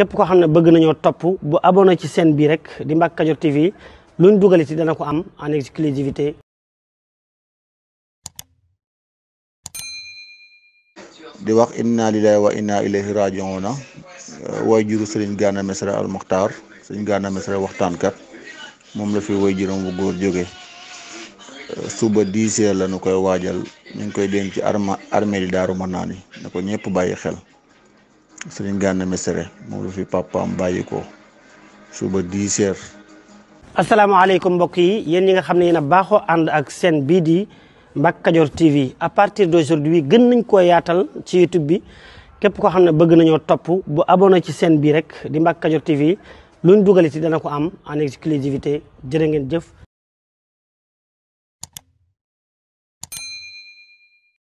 képp koo xam ne bëgg nañoo topp bu abonné ci seen bi rek di Mbacke Kadior TV luñ dugal ci dana ko am en exclusivité di wax inna lillahi wa inna ilayhi raji'una way juru sëriñ Gana Mesere al Muxtaar sëriñ Gana Mesere waxtaankat moom la fi way juróom bu góor jóge suba dix heures la ñu koy waajal ñu ngi koy denc ci arma armée di Daaru Manaan na ko ñëpp bàyyi xel Serigne Gana Messere moom la fi papaam bàyyi ko suba 10 heures. asalaamaaleykum mbokk yi yéen yi nga xam ne yéen na baaxoo ànd ak seen bii di Mbacke Kadior TV à partir de d'aujourd'hui gën nañ koo yaatal ci YouTube bi képp koo xam ne bëgg nañoo topp bu abonné ci seen bii rek di Mbacke Kadior TV luñ dugal ci dana ko am en exclusivité jërë ngeen jëf.